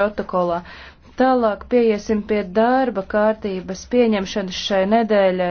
protokolā. Tālāk pieiesim pie darba kārtības pieņemšanas šai nedēļai.